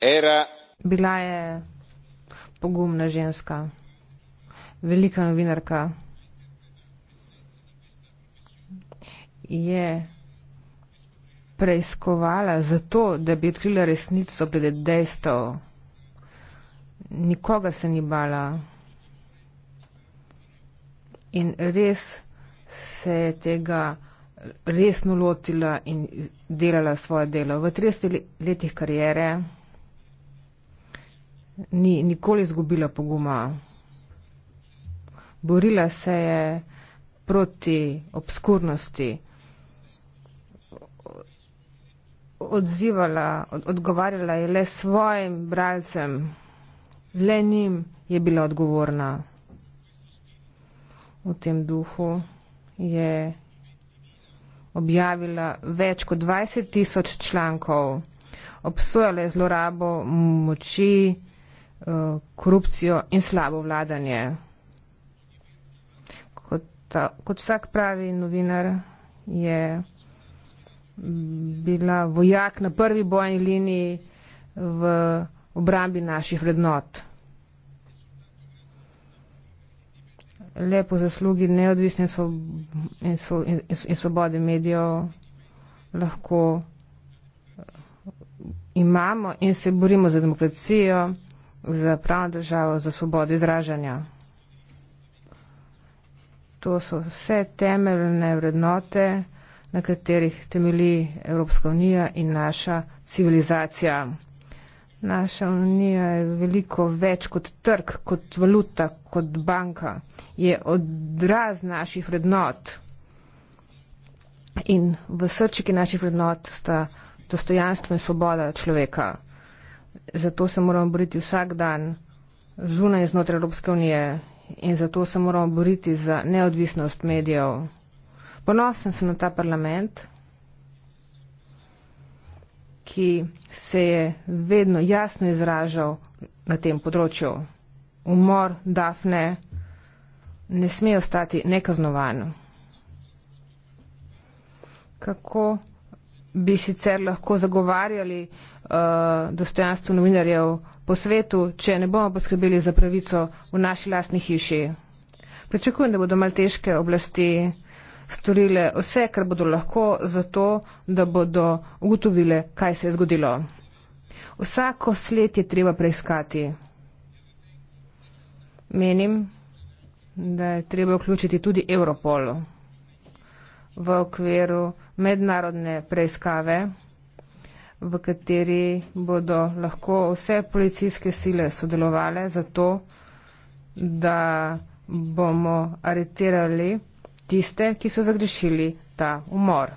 era... Bila je pogumna ženska, velika novinarka. Je preiskovala zato, da bi odkrila resnico glede dejstev. Nikoga se ni bala. In res se je tega resno lotila in delala svoje delo. V 30 letih karijere ni nikoli izgubila poguma. Borila se je proti obskurnosti, odzivala, odgovarjala je le svojim bralcem, le njim je bila odgovorna. V tem duhu je objavila več kot 20 tisoč člankov, obsojala je zlorabo moči, Eh, korupcijo in slabo vladanje. Kot, ta, kot vsak pravi novinar je bila vojak na prvi bojni liniji v obrambi naših vrednot. Lepo zaslugi neodvisne in svobode medijev lahko eh, imamo in se borimo za demokracijo za pravno državo, za svobodo izražanja. To so vse temeljne vrednote, na katerih temeli Evropska unija in naša civilizacija. Naša unija je veliko več kot trg, kot valuta, kot banka. Je odraz naših vrednot. In v srčiki naših vrednot sta dostojanstvo in svoboda človeka zato se moramo boriti vsak dan zunaj in znotraj Evropske unije in zato se moramo boriti za neodvisnost medijev. Ponosen sem na ta parlament, ki se je vedno jasno izražal na tem področju. Umor Dafne ne sme ostati nekaznovan. Kako bi sicer lahko zagovarjali uh, dostojanstvo novinarjev po svetu, če ne bomo poskrbeli za pravico v naši lastni hiši. Pričakujem, da bodo malteške oblasti storile vse, kar bodo lahko, zato, da bodo ugotovile, kaj se je zgodilo. Vsako sled je treba preiskati. Menim, da je treba vključiti tudi Europolu v okviru mednarodne preiskave, v kateri bodo lahko vse policijske sile sodelovale za to, da bomo aretirali tiste, ki so zagrešili ta umor.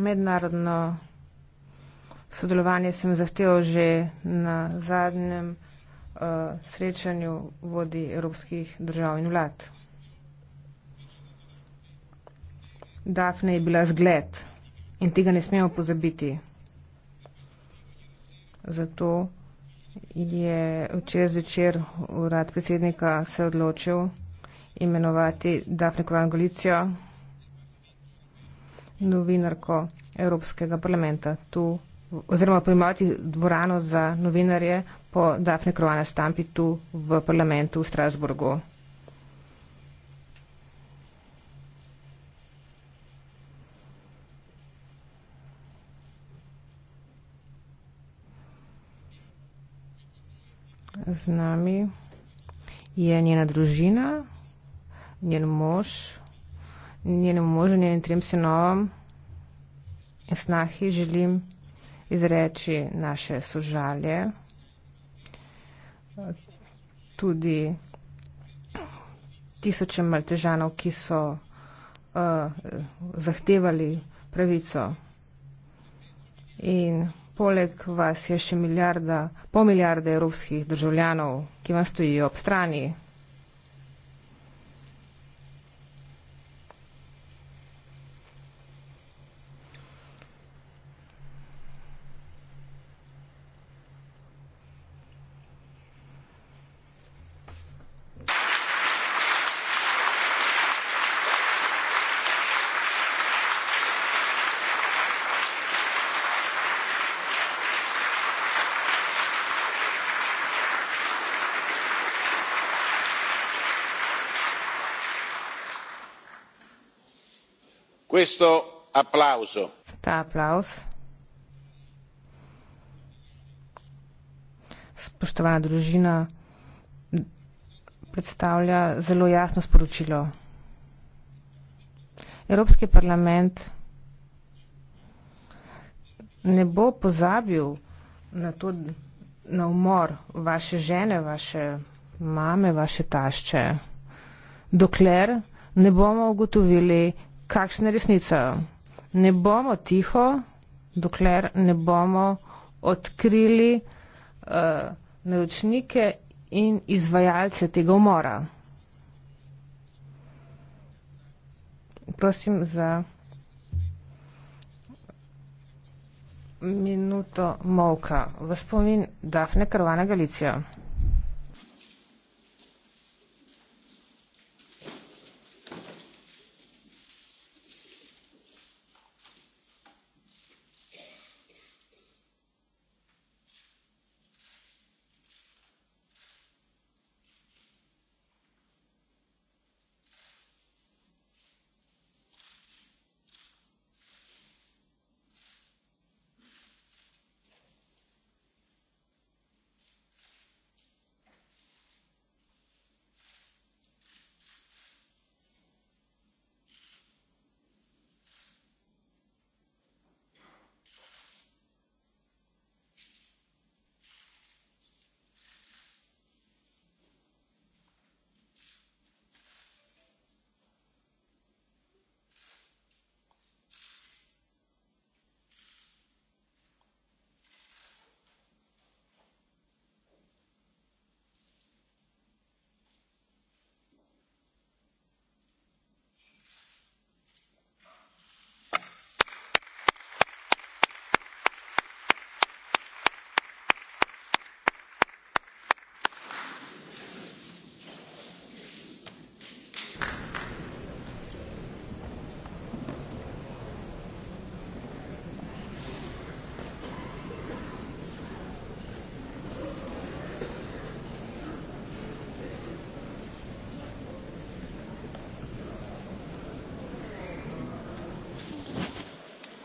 Mednarodno sodelovanje sem zahteval že na zadnjem uh, srečanju vodi evropskih držav in vlad. Dafne je bila zgled in tega ne smemo pozabiti. Zato je včeraj zvečer urad predsednika se odločil imenovati Dafne Koran Golicijo, novinarko Evropskega parlamenta tu oziroma poimati dvorano za novinarje po Dafne Krovana Stampi tu v parlamentu v Strasburgu. Z nami je njena družina, njen mož, njenemu možu, njenim trem sinovom in snahi želim izreči naše sožalje, tudi tisočem maltežanov, ki so uh, zahtevali pravico. In poleg vas je še milijarda, pol milijarde evropskih državljanov, ki vam stojijo ob strani. questo applauso ta aplauz spoštovana družina predstavlja zelo jasno sporočilo evropski parlament ne bo pozabil na to na umor vaše žene vaše mame vaše tašče dokler ne bomo ugotovili kakšna je resnica. Ne bomo tiho, dokler ne bomo odkrili uh, naročnike in izvajalce tega umora. Prosim za minuto molka v spomin Dafne Karvana Galicija.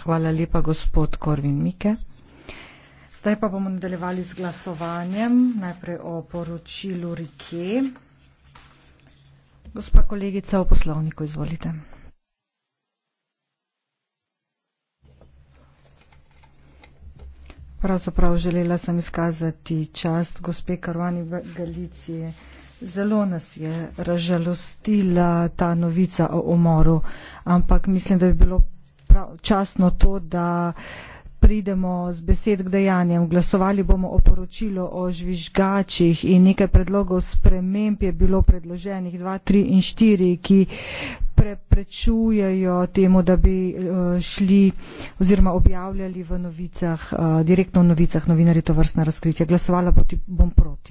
Hvala lepa, gospod Korvin Mike. Zdaj pa bomo nadaljevali z glasovanjem, najprej o poročilu Rike. Gospa kolegica, o poslovniku izvolite. Pravzaprav želela sem izkazati čast gospe Karvani v Galiciji. Zelo nas je razžalostila ta novica o umoru, ampak mislim, da bi bilo pravočasno to, da pridemo z besed k dejanjem. Glasovali bomo o poročilu o žvižgačih in nekaj predlogov sprememb je bilo predloženih 2, 3 in 4, ki preprečujejo temu, da bi eh, šli oziroma objavljali v novicah, eh, direktno v novicah novinarji to vrstna razkritja. Glasovala bom proti.